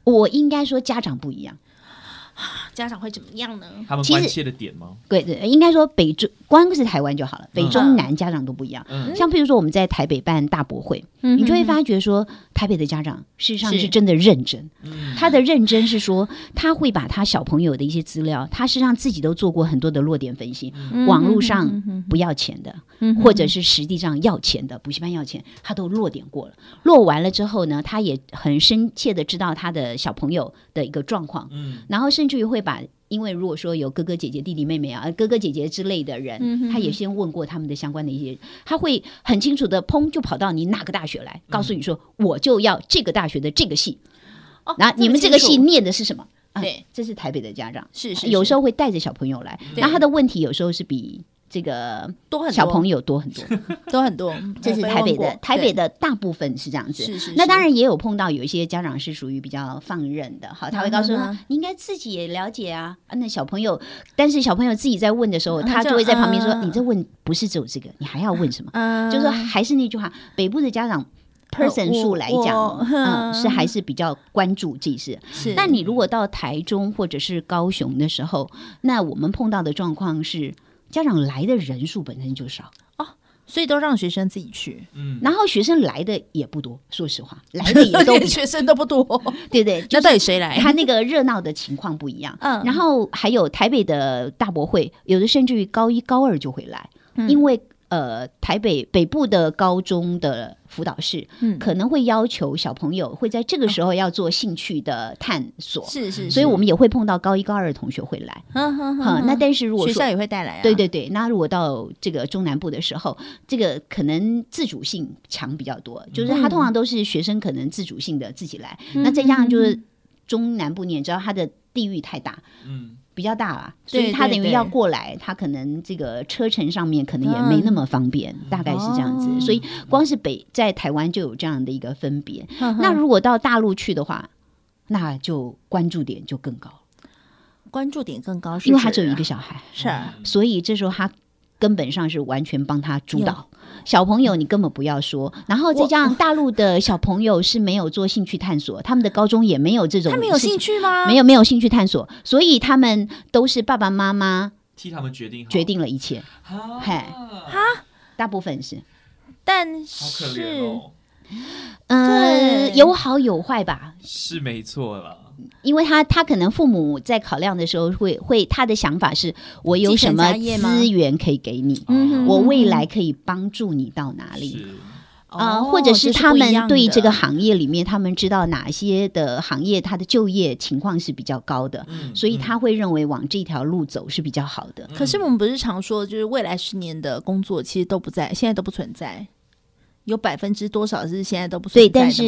我應該說家長不一樣。家長會怎麼樣呢？他們關切的點嗎？對，對，應該說北中光是台灣就好了，嗯、北中南家長都不一樣。嗯，像譬如說我們在台北辦大博會，嗯、哼哼你就會發覺說台北的家長事實上是真的認真。嗯，他的認真是說他會把他小朋友的一些資料，嗯、他事實上自己都做過很多的落點分析，嗯、網絡上不要錢的，嗯、哼哼或者是實際上要錢的補習班要錢，他都落點過了。落完了之後呢，他也很深切的知道他的小朋友的一個狀況。嗯，然後甚就會把，因為如果說有哥哥姐姐、弟弟妹妹啊，哥哥姐姐之類的人、嗯哼哼，他也先問過他們的相關的一些，他會很清楚的，砰就跑到你哪個大學來，嗯、告訴你說我就要這個大學的這個系。哦，那你們這個系念的是什麼，麼、啊？對，這是台北的家長，是、是、是有時候會帶着小朋友來，那他的問題有時候是比。這個多很多，小朋友多很多，多很多。 這是台北的，台北的大部分是這樣子。 那當然也有碰到有一些家長是屬於比較放任的，好，他會告訴他，你應該自己也了解啊、啊。那小朋友，但是小朋友自己在問的時候，他就會在旁邊說：“你這問不是只有這個，你還要問什麼？”就是說還是那句話，北部的家長 person 數來講，嗯，是還是比較關注這是。那你如果到台中或者是高雄的時候，那我們碰到的狀況是。家長來的人數本身就少哦，所以都讓學生自己去。嗯，然後學生來的也不多，說實話，來的也都 學生都不多， 對不對？那到底誰來？他那個熱鬧的情況不一樣。嗯，然後還有台北的大博會，有的甚至於高一、高二就會來，嗯、因為。呃，台北北部的高中的輔導室、嗯，可能會要求小朋友會在這個時候要做興趣的探索，哦、是，是是，所以我們也會碰到，高一高二的同學會來，嗯嗯嗯，嗯，那但是如果學校也會帶來、啊，對對對，那如果到這個中南部的時候，嗯、這個可能自主性強比較多、嗯，就是他通常都是學生可能自主性的自己來、嗯，那再加上就是中南部你也知道他的地域太大，嗯。嗯比較大啦，所以他等於要過來對對對，他可能這個車程上面可能也沒那麼方便，嗯、大概是這樣子。嗯、所以光是北在台灣就有這樣的一個分別、嗯嗯。那如果到大陸去的話，那就關注點就更高，關注點更高是、啊，因為他只有一個小孩，是啊，所以這時候他根本上是完全幫他主導。嗯小朋友，你根本不要說。然後，這樣大陸的小朋友是沒有做興趣探索，他們的高中也沒有這種，他們有興趣嗎？沒有，沒有興趣探索，所以他們都是爸爸媽媽替他們決定，決定了一切。哈、啊，哈，大部分是，但是，好可憐哦，嗯、哦呃，有好有壞吧，是沒錯了。因為他他可能父母在考量的時候會會他的想法是，我有什麼資源可以給你，我未來可以幫助你到哪裡啊，嗯嗯，呃，或者是他們對這個行業裡面，他們知道哪些的行業，他的就業情況是比較高的，嗯，所以他會認為往這條路走是比較好的。嗯嗯，可是我們不是常說，就是未來十年的工作其實都不在，現在都不存在。有百分之多少是現在都不算，對，但是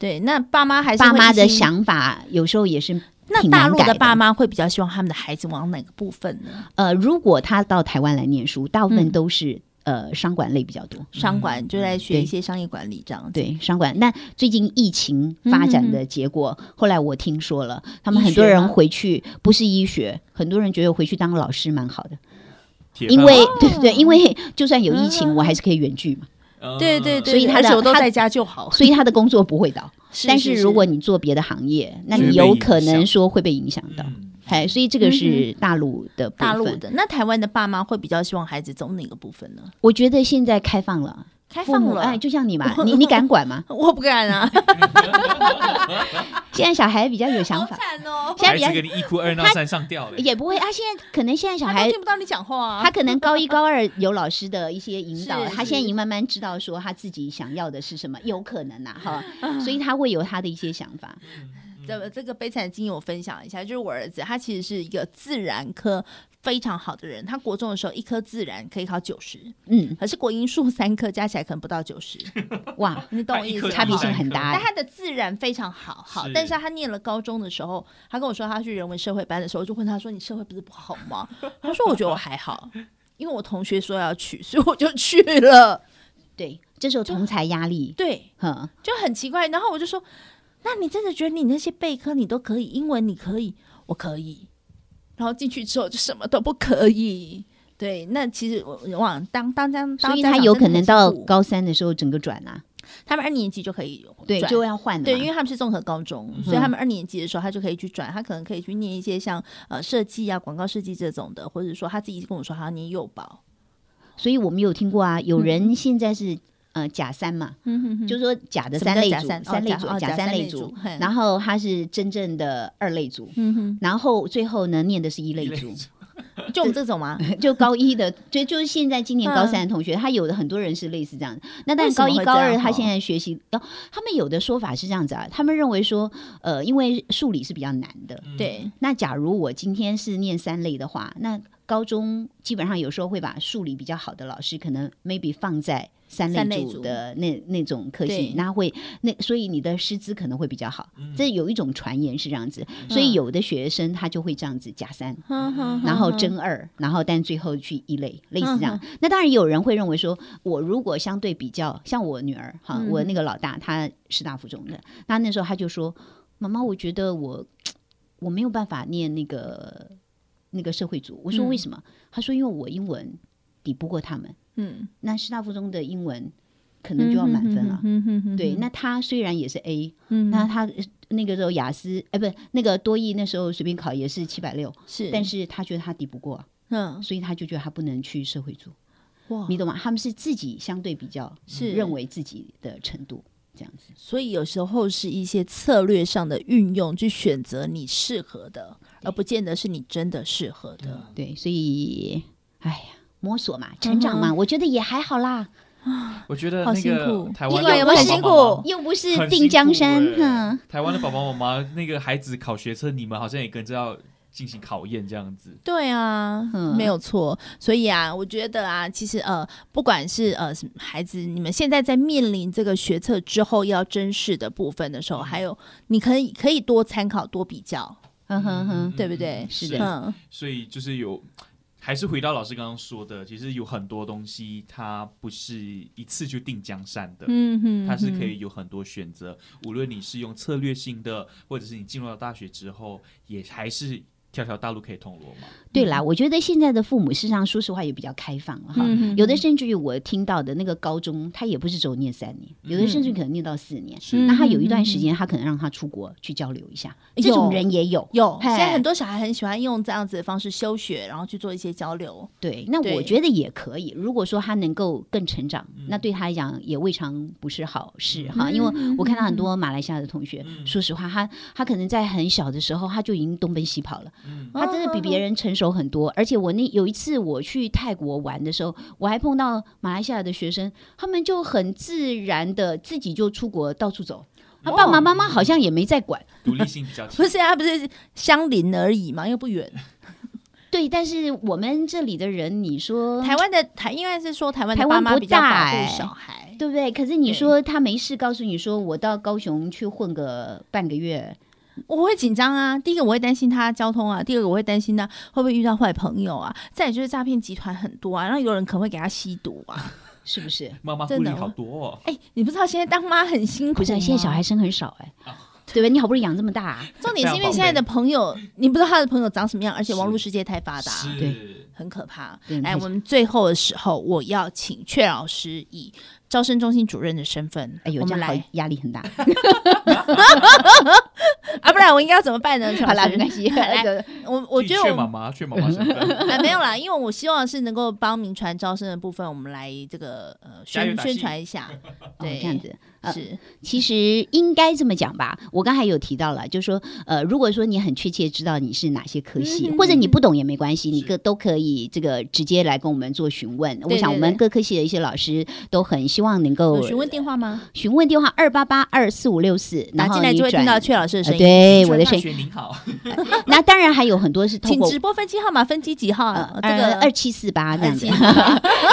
對，那爸媽還是爸媽的想法有時候也是挺難改的。那大陸的爸媽會比較希望他們的孩子往哪個部分呢？呃，如果他到台灣來念書，大部分都是、嗯、呃商管類比較多，商管就在學一些商業管理這樣、嗯嗯對。對，商管。那最近疫情發展的結果，嗯嗯嗯後來我聽說了，他們很多人回去不是醫學，很多人覺得回去當老師蠻好的，因為對對，因為就算有疫情，嗯啊、我還是可以遠距嘛。對，對對對，所以他的他都在家就好，所以他的工作不會倒。 是是是，但是如果你做別的行業，是是是，那你有可能說會被影響，被影響到。哎、嗯，所以這個是大陸的、嗯，大陸的。那台灣的爸媽會比較希望孩子走哪個部分呢？我覺得現在開放了。太放我了，哎，就像你嘛， 你你敢管嗎？ 我不敢啊！ 現在小孩比較有想法哦。現在孩子跟你一哭二鬧三上吊了。也不會，啊。現在可能現在小孩聽不到你講話、啊、他可能高一高二有老師的一些引導， 他現在已經慢慢知道說他自己想要的是什麼，有可能啊哈， 所以他會有他的一些想法。嗯嗯、這個悲慘的經歷我分享一下，就是我兒子，他其實是一個自然科，非常好的人，他國中的時候，一科自然可以考九十，嗯，可是國英數三科加起來可能不到九十， 哇，你懂我意思？ 一一差別性很大。但他的自然非常好，好，但是他念了高中的時候，他跟我說他去人文社會班的時候，我就問他說：“你社會不是不好嗎？” 他說：“我覺得我還好， 因為我同學說要去，所以我就去了。對”對，這時候同儕壓力，對，嗯，就很奇怪。然後我就說：“那你真的覺得你那些備科你都可以？英文你可以，我可以。”然後進去之後就什麼都不可以，對。那其實往往當當當當，他有可能到高三的時候整個轉啊，他們二年級就可以，對，就要換了對，因為他們是綜合高中，所以他們二年級的時候他就可以去轉，嗯、他，他，可去轉他可能可以去念一些像呃設計啊、廣告設計這種的，或者說他自己跟我說他要念幼保，所以我們有聽過啊，有人現在是、嗯。呃，假三嘛、嗯哼哼，就說假的三類組，三,三類組假假，假三類組，類組嗯、然後他是真正的二類組、嗯哼，然後最後呢，念的是一類組，一類組 就我們這種嗎？ 就高一的，就就是現在今年高三的同學、啊，他有的很多人是類似這樣，那但是高一高二他現在學習，他們有的說法是這樣子啊，他們認為說，呃，因為數理是比較難的，嗯、對。那假如我今天是念三類的話，那。高中基本上有時候會把數理比較好的老師，可能 maybe 放在三類組的那類那,那種科系，那會那所以你的師資可能會比較好。嗯、這有一種傳言是這樣子、嗯，所以有的學生他就會這樣子假三、嗯然嗯，然後真二，然後但最後去一類，嗯、類似這樣、嗯。那當然有人會認為說，我如果相對比較像我女兒哈、嗯，我那個老大，他師大附中的，那那時候他就說，嗯、媽媽，我覺得我我沒有辦法念那個。那個社會組，我說為什麼、嗯？他說因為我英文抵不過他們。嗯，那師大附中的英文可能就要滿分了。嗯對，那他雖然也是 A，嗯哼哼哼，那他那個時候雅思，哎、欸，不，那個多益那時候隨便考也是七百六，是，但是他覺得他抵不過，嗯，所以他就覺得他不能去社會組。哇，你懂嗎？他們是自己相對比較是認為自己的程度這樣子，所以有時候是一些策略上的運用去選擇你適合的。而不見得是你真的適合的、嗯，對，所以，哎呀，摸索嘛，成長嘛，嗯、我覺得也還好啦。 我覺得那個好辛苦台灣有沒有辛苦？又不是定江山。欸嗯、台灣的爸爸媽媽，那個孩子考學測，你們好像也跟着要進行考驗這樣子。對啊，沒有錯。所以啊，我覺得啊，其實呃，不管是呃孩子，你們現在在面臨這個學測之後要甄試的部分的時候，還有你可以可以多參考多比較。Uh-huh, 嗯哼哼，對不對？是的。所以就是有，還是回到老師剛剛說的，其實有很多東西它不是一次就定江山的，嗯哼，它是可以有很多選擇，嗯。無論你是用策略性的，或者是你進入到大學之後，也還是。條條大路可以通羅馬。對啦、嗯，我覺得現在的父母，事實上，說實話也比較開放了哈、嗯。有的甚至於我聽到的那個高中，他也不是只有念三年、嗯，有的甚至可能念到四年。那他有一段時間，他可能讓他出國去交流一下，嗯、這種人也有有，有。現在很多小孩很喜歡用這樣子的方式休學，然後去做一些交流。對，對那我覺得也可以。如果說他能夠更成長，嗯、那對他來講也未嘗不是好事哈、嗯嗯。因為我看到很多馬來西亞的同學，嗯、說實話，他他可能在很小的時候他就已經東奔西跑了。嗯、他真的比別人成熟很多，哦、而且我那有一次我去泰國玩的時候，我還碰到馬來西亞的學生，他們就很自然的自己就出國到處走，哦、他爸爸媽，媽媽好像也沒在管，嗯、獨立性比較強。 不是啊，不是相鄰而已嘛，又不遠。 對，但是我們這裡的人，你說台灣的台，應該是說台灣，台灣媽媽比較保護小孩大，對不對？可是你說他沒事，告訴你說我到高雄去混個半個月。我會緊張啊！第一個我會擔心他交通啊，第二個我會擔心他會不會遇到壞朋友啊，再也就是詐騙集團很多啊，然後有人可能會給他吸毒啊， 是不是？媽媽顧慮好多、哦。哎，你不知道現在當媽很辛苦。不是，現在小孩生很少哎，對 不對？你好不容易養這麼大、啊，重點是因為現在的朋友，你不知道他的朋友長什麼樣，而且網絡世界太發達，對，很可怕、嗯。來，我們最後的時候，我要請闕老師以招生中心主任的身份，嗯、哎呦，有將來，壓力很大。 啊 啊不，不然我應該要怎麼辦呢？ 好啦，沒關係。 來，我我覺得我媽媽勸媽媽哎，沒有啦，因為我希望是能夠幫銘傳招生的部分， 我們來這個呃宣宣傳一下。對，這樣子是、呃。其實應該這麼講吧，我剛才有提到了，就是說呃，如果說你很確切知道你是哪些科系，嗯嗯或者你不懂也沒關係，你各都可以這個直接來跟我們做詢問，對對對。我想我們各科系的一些老師都很希望能夠。詢問電話嗎？詢問電話二八八二四五六四。那、啊、進來就會聽到闕老師。呃、對我的聲音，那當然還有很多是通過請直播分機號碼，分機幾號？呃、這個二,二七四八這樣的。 對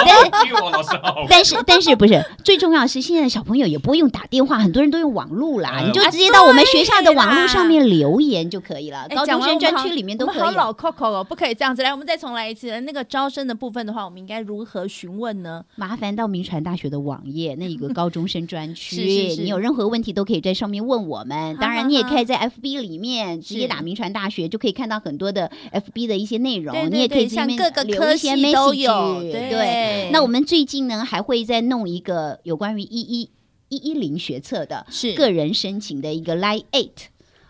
但是但是不是最重要，是現在的小朋友也不會用打電話，很多人都用網絡啦、呃，你就直接到我們學校的網絡上面留言就可以了。啊、高中生專區裡面都可以了。哎、老口口、哦、不可以這樣子。來，我們再重來一次。那個招生的部分的話，我們應該如何詢問呢？麻煩到銘傳大學的網頁那一個高中生專區， 是是是是，你有任何問題都可以在上面問我們。 當然你也。可以在 FB 裡面直接打銘傳大學，就可以看到很多的 FB 的一些內容，對對對。你也可以直接留一些 message 對，那我們最近呢還會再弄一個有關於一一一一零學測的，是個人申請的一個 Line Eight。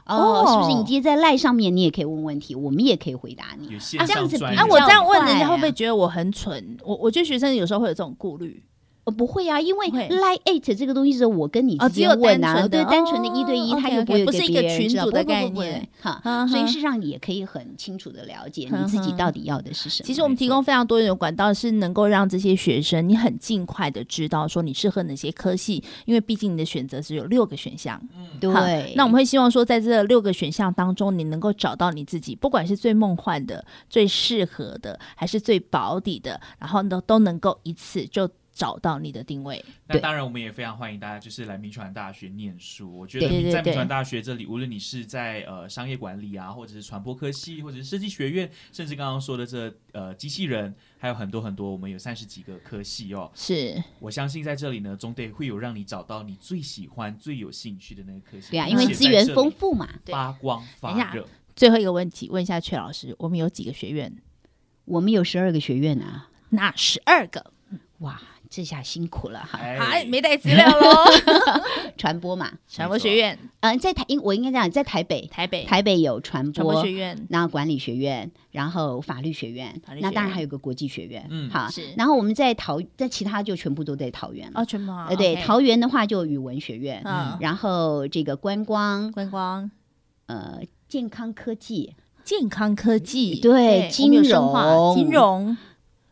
哦、oh,，是不是？你直接在 Line 上面，你也可以問問題，我們也可以回答你。啊、這樣子，啊，我這樣問人家會不會覺得我很蠢？啊、我我覺得學生有時候會有這種顧慮。呃、哦，不會啊，因為 l、like、LINE@ 這個東西是我跟你直接問、哦、只有單純的，對，單純的一對一，哦、它又不 okay, okay, 不是一個群組的概念，哈、嗯嗯，所以是讓你也可以很清楚的了解你自己到底要的是什麼、嗯。其實我們提供非常多種管道，是能夠讓這些學生你很儘快的知道說你適合哪些科系，因為畢竟你的選擇只有六個選項，嗯，對。那我們會希望說，在這六個選項當中，你能夠找到你自己，不管是最夢幻的、最適合的，還是最保底的，然後呢，都能夠一次就。找到你的定位。那當然，我們也非常歡迎大家，就是來銘傳大學唸書。我覺得在銘傳大學這裡，對對對對無論你是在呃商業管理啊，或者是傳播科系，或者是設計學院，甚至剛剛說的這呃機器人，還有很多很多。我們有三十幾個科系哦。是，我相信在這裡呢，總得會有讓你找到你最喜歡、最有興趣的那個科系。對啊，因為資源豐富嘛。發光發熱、嗯。最後一個問題，問一下闕老師，我們有幾個學院？我們有十二個學院啊。那十二個，哇！這下辛苦了哈、哎，沒帶資料嘍。 傳播嘛，傳播學院，嗯、呃，在台英，我應該這樣在台北，台北台北有傳播，傳播學院，然後管理學院，然後法律，法律學院，那當然還有個國際學院，嗯，好，是。然後我們在桃，在其他就全部都在桃園啊、哦，全部啊、呃，對、okay，桃園的話就語文學院、嗯，然後這個觀光，觀光，呃，健康科技，健康科技，對，對化金融，金融。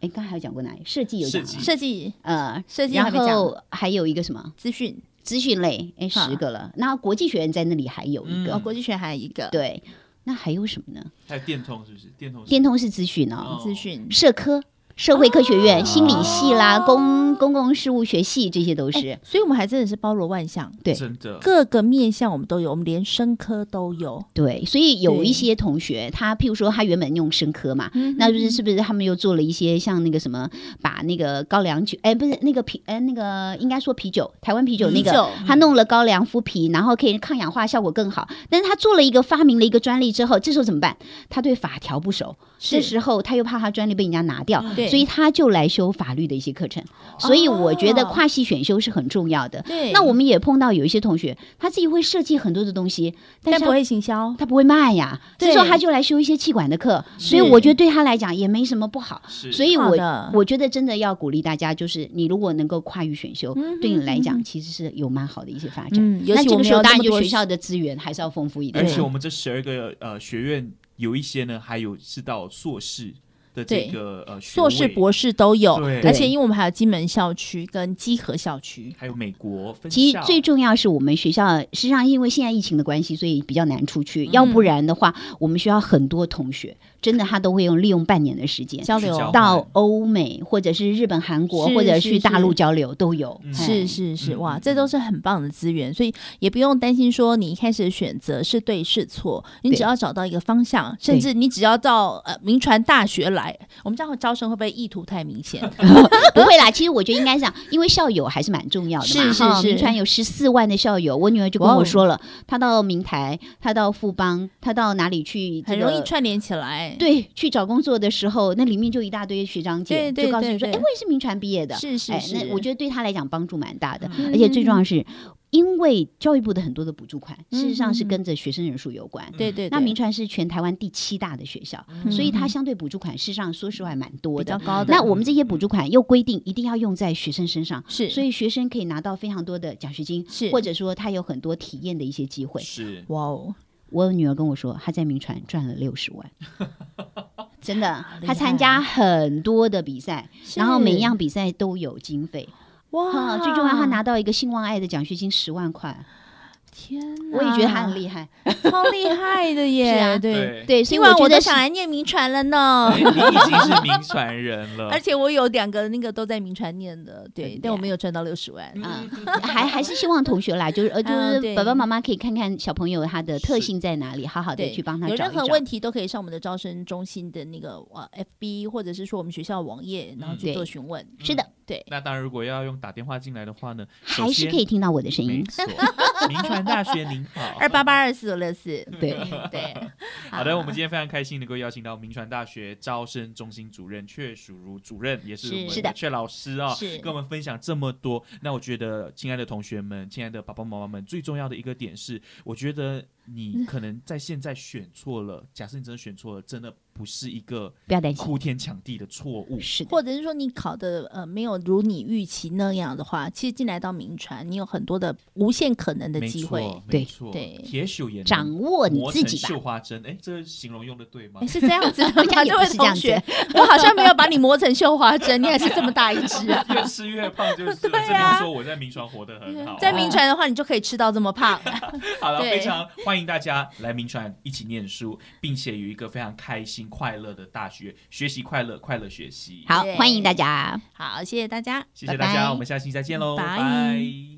哎，剛才還有講過哪裡？設計有講，設計呃，設計。然後，然後還有一個什麼？資訊，資訊類。哎，十個了。那國際學院在那裡還有一個，國際學院還有一個。對，那還有什麼呢？還有電通是不是？電通是是，電通是資訊哦，哦，資訊，社科。社會科學院、啊、心理系啦，啊、公公共事務學系這些都是、欸，所以我們還真的是包羅萬象，對，真的各個面向我們都有，我們連生科都有，對，對，所以有一些同學，他譬如說他原本用生科嘛，那是不是是不是，他們又做了一些像那個什麼，把那個高粱酒，哎不是那個啤，哎那個應該說啤酒，台灣啤酒那個，嗯、他弄了高粱麩皮、嗯，然後可以抗氧化效果更好，但是他做了一個發明了一個專利之後，這時候怎麼辦？他對法條不熟，這時候他又怕他專利被人家拿掉，嗯、對。所以他就來修法律的一些課程、哦，所以我覺得跨系選修是很重要的。對，那我們也碰到有一些同學，他自己會設計很多的東西，但是他但不會行銷，他不會賣呀、啊。對。所以說他就來修一些企管的課，所以我覺得對他來講也沒什麼不好。是。所以我，我我覺得真的要鼓勵大家，就是你如果能夠跨域選修、嗯，對你來講其實是有蠻好的一些發展。嗯。尤其我們有這麼多學校的資源，還是要豐富一點。而且我們這十二個呃學院，有一些呢還有是到碩士。對，這個學對，碩士、博士都有，而且因為我們還有金門校區跟基河校區，還有美國分。其實最重要是我們學校實際上因為現在疫情的關係，所以比較難出去、嗯。要不然的話，我們學校很多同學，真的他都會用利用半年的時間交流到歐美，或者是日本、韓國，是或者去大陸交流都有。嗯、是是是，哇、嗯，這都是很棒的資源，所以也不用擔心說你一開始選擇是對是錯，你只要找到一個方向，甚至你只要到呃銘傳大學來。我們這樣招生會不會意圖太明顯？ 不會啦，其實我覺得應該是這樣，因為校友還是蠻重要的嘛。是是是，哦、銘傳有十四萬的校友，我女兒就跟我說了，她、哦、到明台，她到富邦，她到哪裡去、這個，很容易串聯起來。對，去找工作的時候，那裡面就一大堆學長姐，嗯、就告訴你說對對對，哎，我也是銘傳畢業的，是是是，哎、那我覺得對她來講幫助蠻大的，嗯、而且最重要的是，因為教育部的很多的補助款、嗯，事實上是跟着學生人數有關。對、嗯、對，那銘傳是全台灣第七大的學校，嗯、所以它相對補助款、嗯、事實上說實話蠻多的，比較高的。那我們這些補助款又規定一定要用在學生身上，是、嗯，所以學生可以拿到非常多的獎學金，是，或者說他有很多體驗的一些機會。是，哇、wow、哦，我女兒跟我說，她在銘傳賺了六十萬， 真的，他參加很多的比賽，是，然後每一樣比賽都有經費。哇、wow！最重要，他拿到一個信望愛的獎學金，十萬塊。天吶，我也覺得他很厲害，啊、超厲害的耶！是啊、對對，對，所以我覺得我都想來念銘傳了呢、哎。你已經是銘傳人了， 而且我有兩個那個都在銘傳念的，對，嗯、但我沒有賺到六十萬啊、嗯 嗯。還還是希望同學來，就是 呃，就是爸爸媽媽可以看看小朋友他的特性在哪裡，好好的去幫他找找。有任何問題都可以上我們的招生中心的那個啊、uh，FB 或者是說我們學校網頁、嗯，然後去做詢問、嗯。是的，對。那當然，如果要用打電話進來的話呢，還是可以聽到我的聲音。銘傳。 大學您好 二八八二四五六四，對 對對。好的、啊，我們今天非常開心能夠邀請到銘傳大學招生中心主任闕淑茹主任，也是我們的闕老師啊、哦，跟我們分享這麼多。那我覺得，親愛的同學們，親愛的爸爸媽媽們，最重要的一個點是，我覺得。你可能在現在選錯了。假設你真的選錯了，真的不是一個不要擔心哭天搶地的錯誤。是，或者是說你考的呃沒有如你預期那樣的話，其實進來到銘傳，你有很多的無限可能的機會。沒錯，沒對對對，鐵杵也掌握你自己。繡花針，哎，這形容用的對嗎？欸、是，這嗎 是這樣子，各位同學，我好像沒有把你磨成繡花針， 你還是這麼大一隻、啊，越吃越胖。就是、這個，這 樣、啊、說我在銘傳活得很好、啊。在銘傳的話，你就可以吃到這麼胖。 好了啦， 非常歡迎。歡迎大家來銘傳一起念書，並且有一個非常開心快樂的大學，學習快樂，快樂學習。Yeah. 好，歡迎大家，好，謝謝大家，謝謝大家，bye bye 我們下期再見嘍，拜拜。Bye